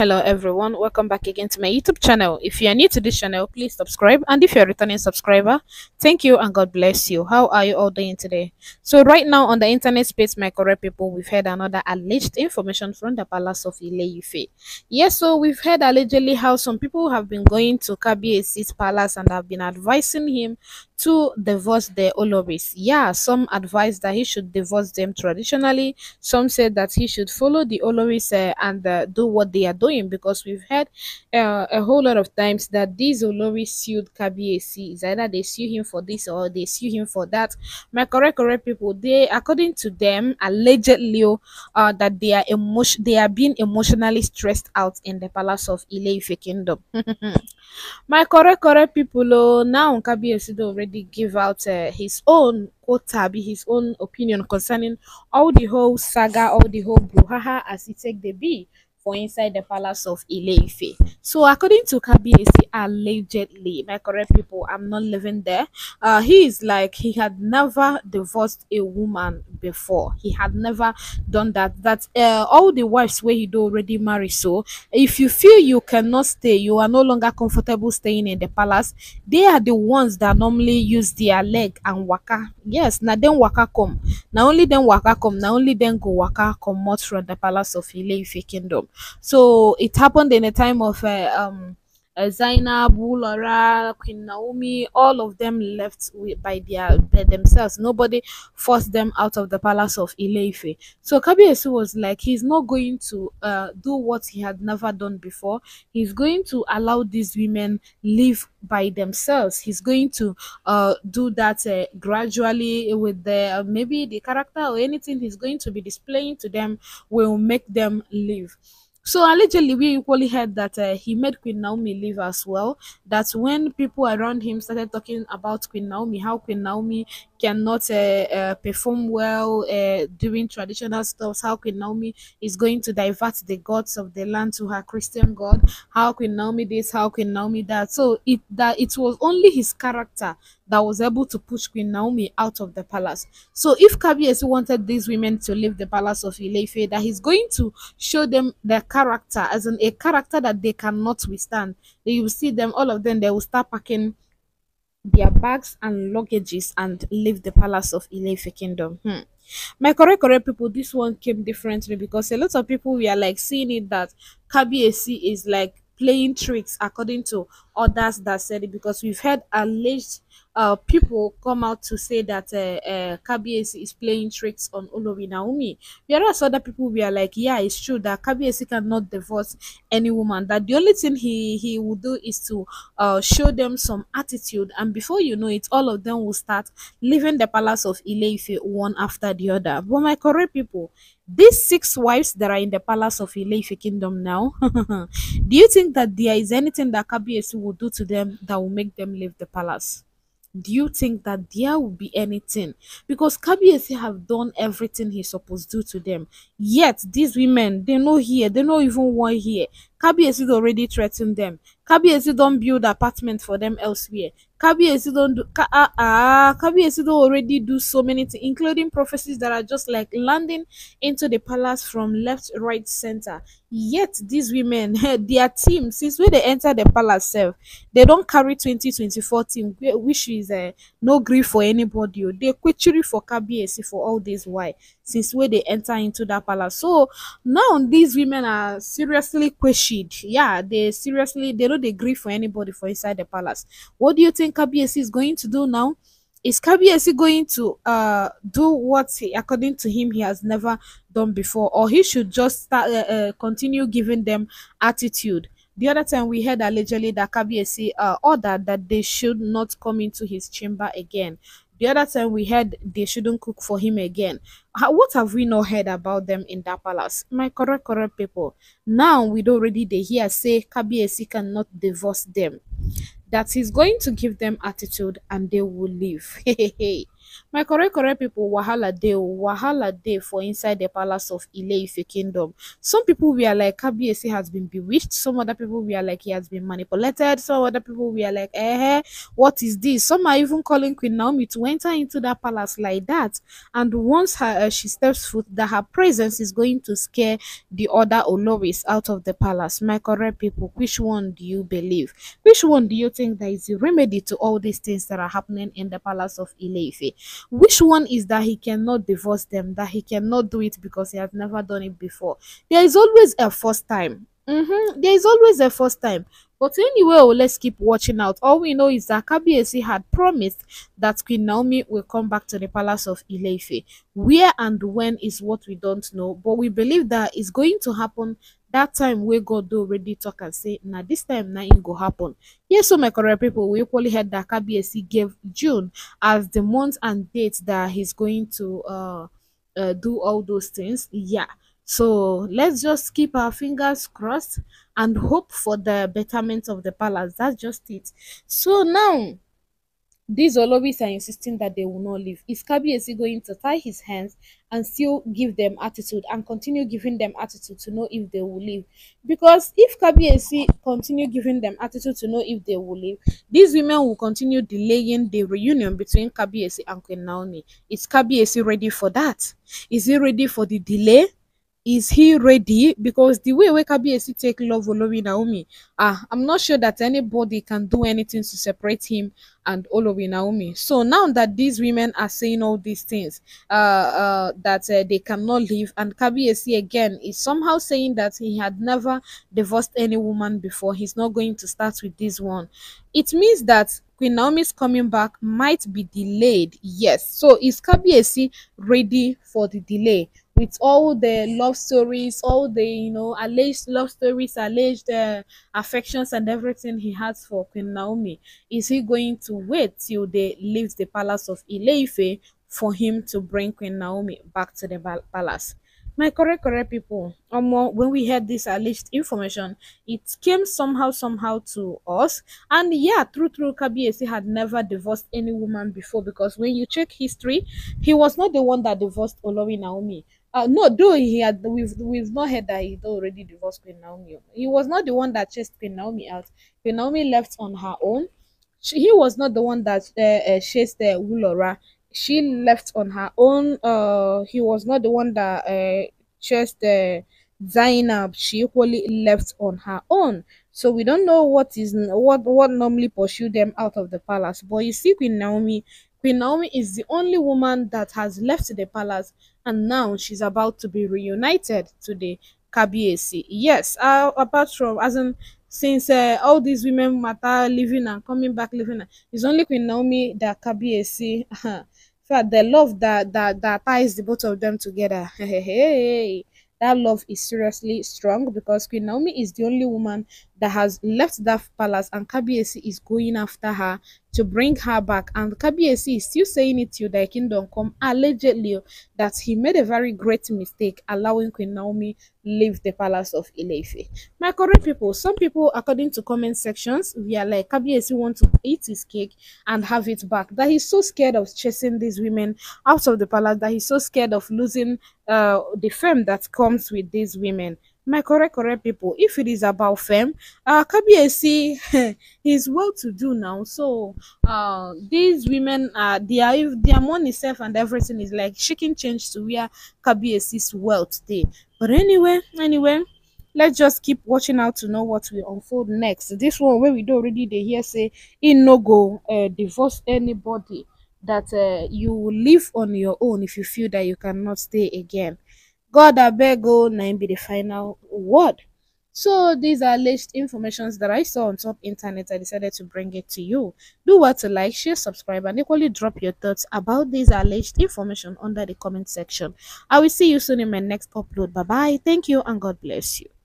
hello everyone welcome back again to my youtube channel if you are new to this channel please subscribe and if you're a returning subscriber thank you and god bless you how are you all doing today so right now on the internet space my correct people we've heard another alleged information from the palace of ileife yes so we've heard allegedly how some people have been going to kabiesi's palace and have been advising him to divorce their Olobis. Yeah, some advise that he should divorce them traditionally. Some said that he should follow the Olobis uh, and uh, do what they are doing because we've heard uh, a whole lot of times that these Olobis sued Kabiesi. It's either they sue him for this or they sue him for that. My correct, correct people, they, according to them, allegedly oh, uh, that they are emotion they are being emotionally stressed out in the palace of Ile Ife Kingdom. My correct, correct people, oh, now Kabiesi already give out uh, his own quota, be his own opinion concerning all the whole saga, all the whole brouhaha as it take the be for inside the palace of Ileife. So according to Kabi, allegedly, my correct people, I'm not living there. Uh, he is like he had never divorced a woman before. He had never done that. That uh, all the wives where he do already married. So if you feel you cannot stay, you are no longer comfortable staying in the palace. They are the ones that normally use their leg and waka. Yes, now then waka come. Now only then waka come. Now only then go waka come much from the palace of Ileife kingdom. So it happened in a time of uh, um, uh, Zainab, Laura, Queen Naomi, all of them left with, by their by themselves. Nobody forced them out of the palace of Ileife. So Kabiesu was like, he's not going to uh, do what he had never done before. He's going to allow these women live by themselves. He's going to uh, do that uh, gradually with the uh, maybe the character or anything he's going to be displaying to them will make them live. So allegedly, we equally heard that uh, he made Queen Naomi leave as well. That when people around him started talking about Queen Naomi, how Queen Naomi cannot uh, uh, perform well uh, doing traditional stuffs, how Queen Naomi is going to divert the gods of the land to her Christian god, how Queen Naomi this, how Queen Naomi that. So it that it was only his character that was able to push Queen Naomi out of the palace. So if Kabiyesi wanted these women to leave the palace of Ilefe, that he's going to show them their character, as in a character that they cannot withstand. You will see them, all of them, they will start packing their bags and luggages and leave the palace of Ilefe kingdom. Hmm. My correct correct people, this one came differently because a lot of people we are like seeing it that Kabiyesi is like playing tricks according to others that said it because we've had alleged uh, people come out to say that uh, uh, is playing tricks on Olori Naomi. Whereas other people were like, yeah, it's true that KBAC cannot divorce any woman. That the only thing he, he will do is to uh, show them some attitude. And before you know it, all of them will start leaving the palace of Ileife one after the other. But my correct people, these six wives that are in the palace of Ileife kingdom now, do you think that there is anything that KBAC will do to them that will make them leave the palace? do you think that there will be anything? Because Kabiyesi have done everything he's supposed to do to them. Yet these women, they know here, they know even one here is already threatening them. Kabiyesi don't build apartment for them elsewhere. Kabiyesi don't do ka, ah, ah, Kabiyesi don't already do so many things, including prophecies that are just like landing into the palace from left, right, center. Yet these women, their team, since when they enter the palace self, they don't carry 2024 team, which is uh, no grief for anybody. Oh. They quit for Kabiyesi for all this. Why? since where they enter into that palace so now these women are seriously questioned yeah they seriously they don't agree for anybody for inside the palace what do you think kbs is going to do now is KBSC going to uh, do what, he, according to him, he has never done before, or he should just start, uh, uh, continue giving them attitude? The other time we heard allegedly that KBSC uh, ordered that they should not come into his chamber again. The other time we heard they shouldn't cook for him again. How, what have we not heard about them in that palace? My correct, correct people. Now we don't already they hear say Kabiesi cannot divorce them. That he's going to give them attitude and they will leave. hey, hey my correct correct pipo wahala day oh. wahala day for inside the palace of ileife kingdom some people we are like kabiyesi has been bewitched some other people we are like he has been manipulated some other people we are like eh what is this some are even calling queen naomi to enter into that palace like that and once her uh, she steps foot that her presence is going to scare the other oloris out of the palace my correct people which one do you believe which one do you think that is the remedy to all these things that are happening in the palace of ileife which one is that he cannot divorce them, that he cannot do it because he has never done it before? There is always a first time. Mm-hmm. There is always a first time. But anyway, oh, let's keep watching out. All we know is that Kabiesi had promised that Queen Naomi will come back to the palace of Ileife. Where and when is what we don't know, but we believe that it's going to happen that time we god do already talk and say now this time nothing go happen yes so my correct people we equally heard that kbsc gave june as the month and date that he's going to uh, uh, do all those things yeah so let's just keep our fingers crossed and hope for the betterment of the palace that's just it so now these Oloris are insisting that they will not leave. Is Kabiyesi going to tie his hands and still give them attitude and continue giving them attitude to know if they will leave? Because if Kabiyesi continue giving them attitude to know if they will leave, these women will continue delaying the reunion between Kabiyesi and Queen Naomi. Is Kabiyesi ready for that? Is he ready for the delay? is he ready? Because the way Wekabi Esi take love Olori Naomi, ah, I'm not sure that anybody can do anything to separate him and Olori Naomi. So now that these women are saying all these things, uh, uh that uh, they cannot leave, and Kabi again is somehow saying that he had never divorced any woman before. He's not going to start with this one. It means that Queen Naomi's coming back might be delayed. Yes. So is Kabi ready for the delay? with all the love stories, all the you know alleged love stories, alleged uh, affections, and everything he has for Queen Naomi? Is he going to wait till they leave the palace of Ileife for him to bring Queen Naomi back to the palace? My correct, correct people. Um, when we had this alleged information, it came somehow, somehow to us. And yeah, true, true, he had never divorced any woman before because when you check history, he was not the one that divorced Olori Naomi. Uh, no, though he had we've we've not heard that he already divorced Queen Naomi. He was not the one that chased Queen Naomi out. Queen Naomi left on her own. She, he was not the one that uh, uh, chased the uh, Wulora. She left on her own. Uh, he was not the one that uh, chased uh, Zainab. She equally left on her own. So we don't know what is what what normally pursue them out of the palace. But you see, Queen Naomi Queen Naomi is the only woman that has left the palace and now she's about to be reunited to the Kabiesi. Yes, uh, apart from, as in, since uh, all these women matter living and coming back living, it's only Queen Naomi that Kabiesi, in the love that, that, that ties the both of them together. Hey, hey, hey. That love is seriously strong because Queen Naomi is the only woman that has left that palace and KBAC is going after her to bring her back. And KBAC is still saying it to the kingdom come, allegedly that he made a very great mistake allowing Queen Naomi leave the palace of Ilefe. My current people, some people, according to comment sections, we are like KBAC want to eat his cake and have it back. That he's so scared of chasing these women out of the palace, that he's so scared of losing uh, the fame that comes with these women my correct correct people if it is about fame uh see is well to do now so uh these women uh are their money self and everything is like shaking change to where sees well today. but anyway anyway let's just keep watching out to know what will unfold next this one where we do already they hear say in no go uh, divorce anybody that uh, you will live on your own if you feel that you cannot stay again god abeg o oh, be the final word so these are alleged informations that I saw on top internet. I decided to bring it to you. Do what to like, share, subscribe, and equally drop your thoughts about these alleged information under the comment section. I will see you soon in my next upload. Bye bye. Thank you and God bless you.